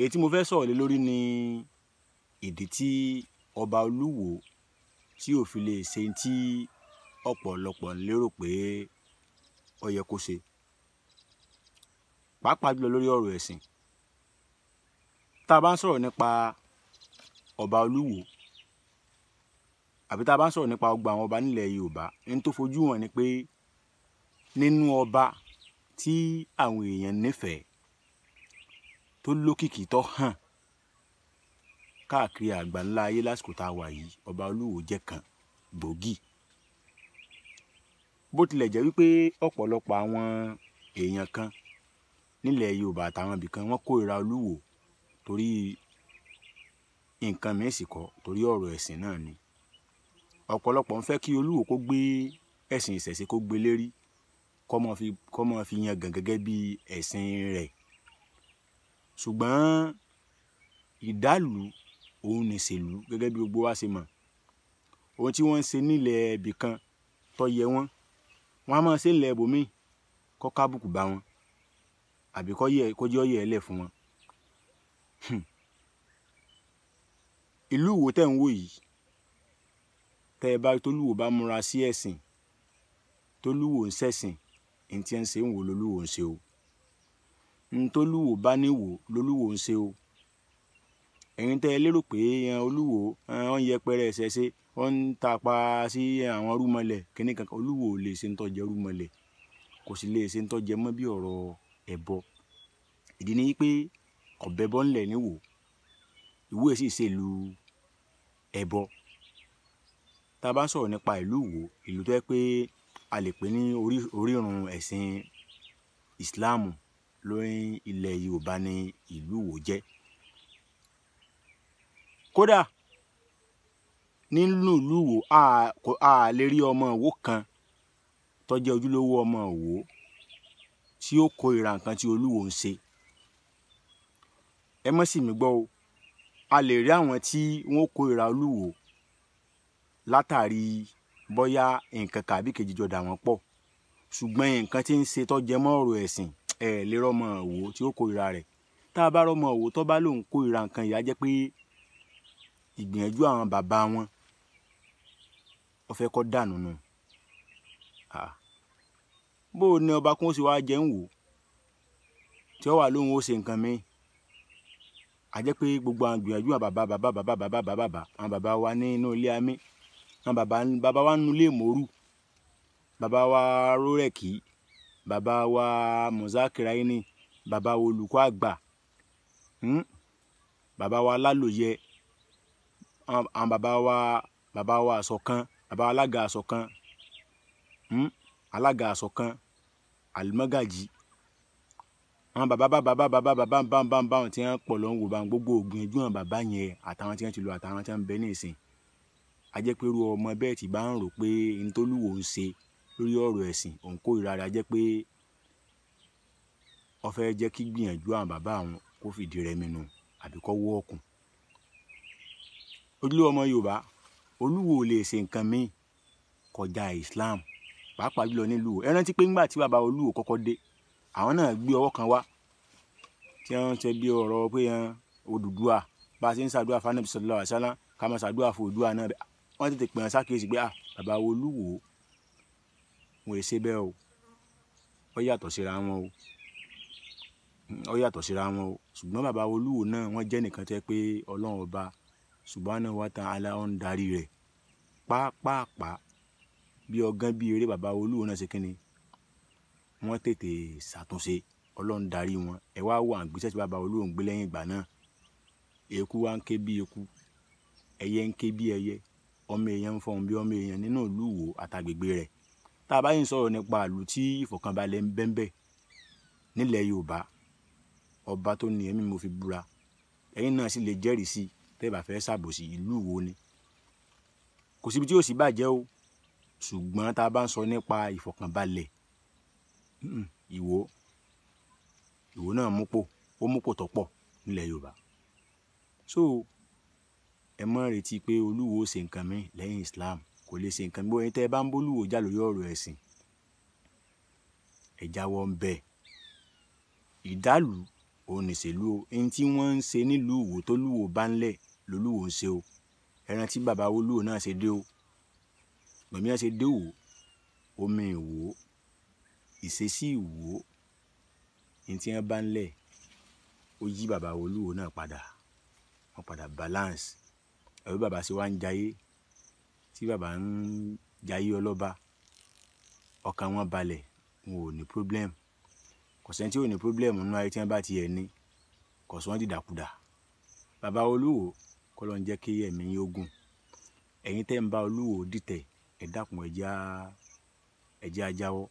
èyí tí mo fẹ́ sọ̀rọ̀ lé lórí ni ìdí tí ọba olúwo tí ò fi lè ṣe tí ọ̀pọ̀lọpọ̀ ń lérò pé ó yẹ kó ṣe pàápàá jùlọ lórí ọ̀rọ̀ ẹ̀sìn tá a bá ń sọ̀rọ̀ nípa ọba olúwo àbí tá a bá ń sọ̀rọ̀ nípa ọgbà àwọn ọba nílẹ̀ yorùbá ní tó fojú hàn ni pé nínú ọba tí àwọn èèyàn nífẹ̀ẹ́ tó lókìkí tó hàn káàkiri àgbáńlá ayé lásìkò tá a wà yìí ọba olúwo jẹ́ kan gbòógì bó tilẹ̀ jẹ́ wípé ọ̀pọ̀lọpọ̀ àwọn èèyàn kan nílẹ̀ yorùbá àtàwọn ibìkan wọ́n kórìíra olúwo torí nǹkan mìíràn sì kọ́ torí ọ̀rọ̀ ẹ̀sìn náà ni ọ̀pọ̀lọpọ̀ ń fẹ́ kí olúwo kó gbé ẹ̀sìn ìṣẹ̀ṣe kó gbé lérí kó máa fi yan gàn gẹ́gẹ́ bí ẹ̀sìn rẹ̀ ṣùgbọ́n ìdálù òun nìṣèlú gẹ́gẹ́ bí gbogbo wa ṣe mọ̀ ohun tí wọ́n ń ṣe nílẹ̀ ibì kan tó yẹ wọ́n wọ́n á máa ṣe nílẹ̀ ibòmíì kó kábùkù bá wọn àbí kó yẹ kó jẹ́ ọ̀yẹ̀ ẹlẹ̀ fún wọn. Hmm. ìlú Ìwó tẹ̀ ń wò yìí tẹ́ ẹ bá tólúwò bá múra sí ẹ̀sìn tólúwò ń ṣẹ̀sìn ní tí ń ṣe ń wò lólúwò ń ṣe o ntolúwo bá níwò lolúwo ń ṣe o ẹ̀yin tẹ́ ẹ lérò pé olúwo ọ̀n yẹpẹrẹ ẹ̀sẹ̀ ṣe ọ̀n tapa sí àwọn rúmọlẹ̀ kínní kankan olúwo ò lè ṣe ń tọ́jẹ rúmọlẹ̀ kò sì lè ṣe ń tọ́jẹ mọ́ bí ọ̀rọ̀ ẹ̀bọ ìdí ni pé ọ̀bẹ̀bọ ńlẹ̀ níwò ìwé sì ṣèlú ẹ̀bọ tá a bá ń nípa ìlú Ìwó ìlú tó yẹ pé a lè pè ní orírun ẹ̀sìn ìsìláàmù lórí ilẹ̀ yorùbá ni ìlú Ìwó jẹ́ kódà nínú ìlú Ìwó a lè rí ọmọ Ìwó kan tó jẹ́ ojúlówó ọmọ Ìwó tí ó kórìíra nǹkan tí Olúwo ń ṣe ẹ má sì mí gbọ́ o a lè rí àwọn tí wọ́n kórìíra Olúwo látàrí bóyá nǹkan kàbí kejì jọ dà wọ́n pọ̀ ṣùgbọ́n nǹkan tí ń ṣe tó mọ́ ọ̀rọ̀ ẹ̀sìn ẹ lè rọmọ òwò tí ó kórìíra rẹ̀ tá a bá rọmọ òwò tó bá lòun kórìíra nǹkan ìyá jẹ́ pé ìgbìyànjú àwọn bàbá wọn ó fẹ́ kó dànù nù bó o ní ọba kún ó sì wá jẹ́ ń wò tí ó wà lóhun ó ṣe nǹkan mi a jẹ́ pé gbogbo àwọn gbìyànjú àwọn bàbá bàbá bàbá bàbá bàbá àwọn bàbá wa ní inú ilé amí àwọn bàbá wa nínú ilé bàbá wa rórẹ̀kì Baba wa muzakiraini bàbá wa olùkọ́ àgbà hmm? Baba wa lálòyẹ àwọn baba wa baba wa àsọ̀kan Baba wa alága àsọ̀kan hmm? alága àsọ̀kan alimọ́gàjì àwọn bàbá baba baba baba baba bàbá bàbá tí wọn pọ̀ lọ ń wò bá gbogbo ògùn ẹjú hàn bàbá yẹn àtàwọn tí wọn ti lọ àtàwọn tí ń bẹ ní ìsìn ajẹ́pẹ́rú ọmọ bẹ́ẹ̀ tí bá ń rò pé ntolúwo ń ṣe lórí ọ̀rọ̀ ẹ̀sìn òun kórìíra rẹ̀ jẹ́ pé ó fẹ́ jẹ́ kí gbìyànjú àwọn bàbá àwọn kó fìdí rẹmi nù àbí kó wọ́ ọ̀kùn. ojúlé ọmọ yorùbá olúwo lè ṣe nǹkan míì kọjá islam pàápàá jùlọ nílùú ẹ rántí pé ńgbà tí bàbá olúwo kọ́kọ́ dé àwọn náà gbé ọwọ́ kan wá tí wọ́n ṣe bí ọ̀rọ̀ pé Odùduwà bá a ṣe ń ṣàdúrà fún Ànábì sallallahu ká máa ṣàdúrà fún Odùduwà náà wọ́n tètè pè wọ́n sákèésí pé bàbá olúwo wọn è ṣe bẹ́ẹ̀ o ó yàtọ̀ síra wọn o ó yàtọ̀ síra wọn o ṣùgbọ́n bàbá olúwo náà wọ́n jẹ́ nìkan tẹ́ pé ọlọ́run ọba subhanahu wa ta'ala ń darí rẹ̀ pápápá bí ọgán bí eré bàbá olúwo náà ṣe kínni wọ́n tètè ṣàtúnṣe ọlọ́run darí wọn ẹ wá wọ àgbésẹ̀ tí bàbá olúwo ń gbé lẹ́yìn ìgbà náà eku wa ń ké bí eku ẹyẹ ń ké bí ẹyẹ ọmọ èèyàn ń fọhùn bí ọmọ èèyàn nínú ìlú Ìwó àtàgbègbè rẹ̀ tá a bá yìí sọ̀rọ̀ nípa ìlú tí ìfọ̀kànbalẹ̀ ń bẹ́ńbẹ́ nílẹ̀ yorùbá ọba tó ní ẹ̀mí mo fi búra ẹ̀yin náà sì lè jẹ́rìí sí tẹ́ bá fẹ́ ṣàbòsí ìlú wo ni kò síbi tí yóò sì bàjẹ́ o ṣùgbọ́n tá a bá ń sọ nípa ìfọ̀kànbalẹ̀ hmm, ìwò ìwò náà múpò ó múpò tó pọ̀ nílẹ̀ yorùbá so ẹ mọ́ retí pé olúwo ṣe nǹkan mi lẹ́yìn islam kò lè ṣe nǹkan bóyá tẹ́ ẹ bá ń bólúwò jà lórí ọ̀rọ̀ ẹ̀sìn ẹ jáwọ́ ń bẹ̀ ìdálù òun nìṣèlú o ẹni tí wọ́n ń ṣe nílùú Ìwó tó lùwò bá ń lẹ̀ lólùwò ń ṣe o ẹran tí bàbá olúwo náà ṣe dé o gbẹ̀mí náà ṣe dé Ìwó omi Ìwó ìṣesí Ìwó ẹni tí wọ́n bá ń lẹ̀ ó yí bàbá olúwo náà padà wọ́n padà balance ẹ̀rú bàbá ṣe wá ń jayé tí bàbá ń jayé ọlọ́ba ọkàn wọn balẹ̀ wọn ò ní problem kọ̀sẹ́ni tí ò ní problem nínú ayé tí wọ́n bá tiẹ̀ ní kọ̀sẹ́ wọn dìdàkudà bàbá olúwo kọ́lọ́ ń jẹ́ kí ẹ̀mí yín ogun ẹ̀yin tẹ́ ń bá olúwo dìtẹ̀ ẹ ẹ̀já ẹ̀já jáwọ́